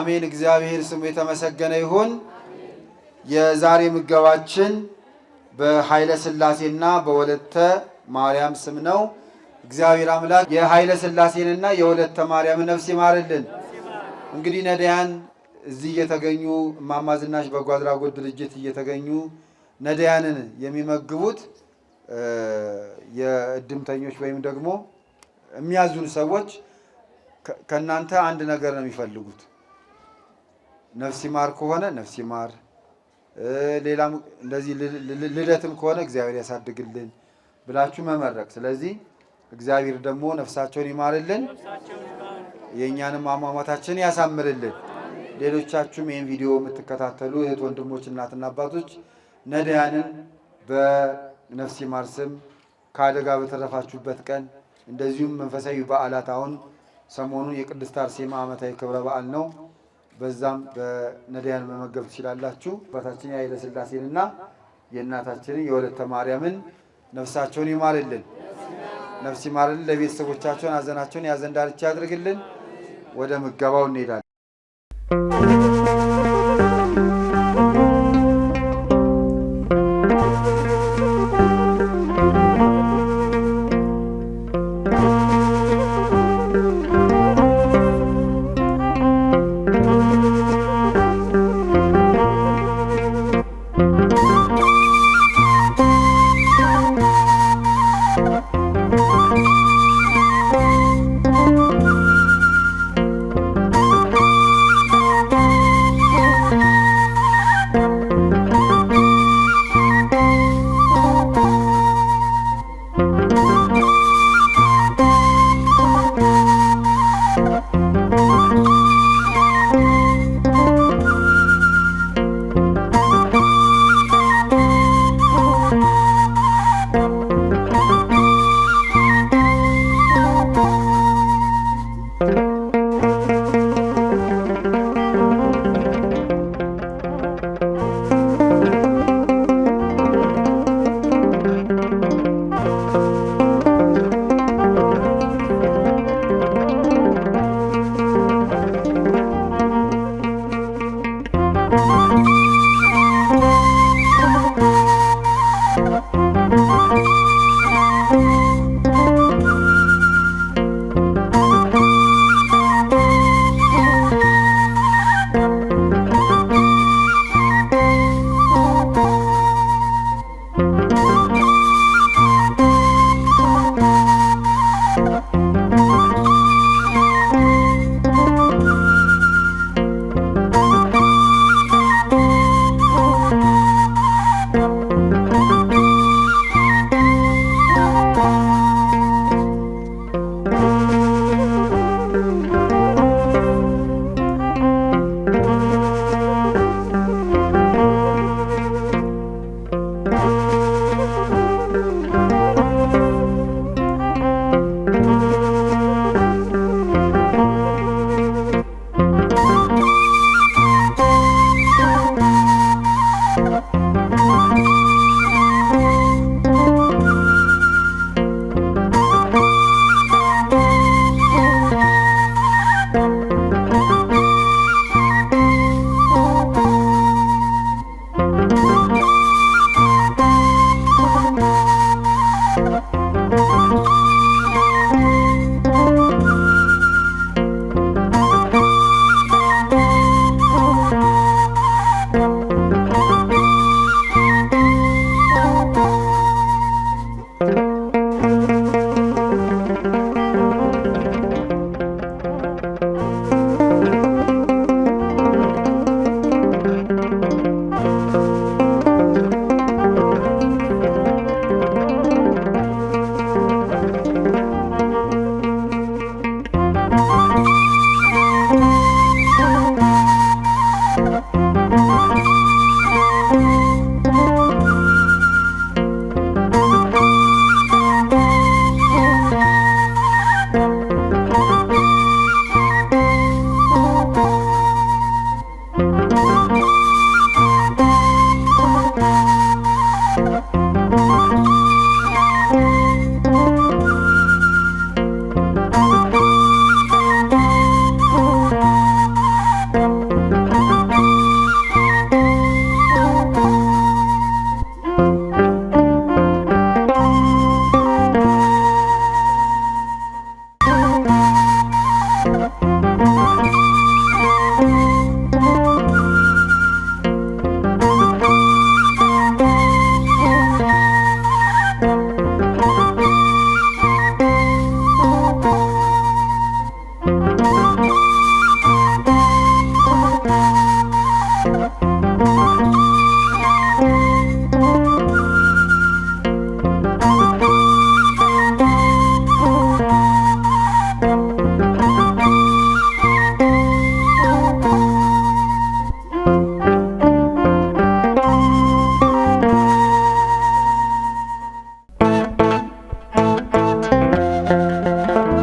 አሜን። እግዚአብሔር ስሙ የተመሰገነ ይሁን። የዛሬ ምገባችን በኃይለ ሥላሴና በወለተ ማርያም ስም ነው። እግዚአብሔር አምላክ የኃይለ ሥላሴንና የወለተ ማርያም ነፍስ ይማርልን። እንግዲህ ነዳያን እዚህ እየተገኙ እማማ ዝናሽ በጎ አድራጎት ድርጅት እየተገኙ ነዳያንን የሚመግቡት የእድምተኞች ወይም ደግሞ የሚያዙን ሰዎች ከእናንተ አንድ ነገር ነው የሚፈልጉት። ነፍሲ ማር ከሆነ ነፍሲ ማር፣ ሌላም እንደዚህ ልደትም ከሆነ እግዚአብሔር ያሳድግልን ብላችሁ መመረቅ። ስለዚህ እግዚአብሔር ደግሞ ነፍሳቸውን ይማርልን፣ የእኛንም አሟሟታችን ያሳምርልን። ሌሎቻችሁም ይህን ቪዲዮ የምትከታተሉ እህት ወንድሞች፣ እናትና አባቶች ነዳያንን በነፍሲ ማር ስም ከአደጋ በተረፋችሁበት ቀን እንደዚሁም መንፈሳዊ በዓላት አሁን ሰሞኑን የቅድስት አርሴማ ዓመታዊ ክብረ በዓል ነው። በዛም በነዳያን መመገብ ትችላላችሁ። አባታችን የኃይለ ሥላሴንና የእናታችንን የወለተ ማርያምን ነፍሳቸውን ይማርልን፣ ነፍስ ይማርልን። ለቤተሰቦቻቸውን ሐዘናቸውን ያዘን ዳርቻ ያድርግልን። ወደ ምገባው እንሄዳለን።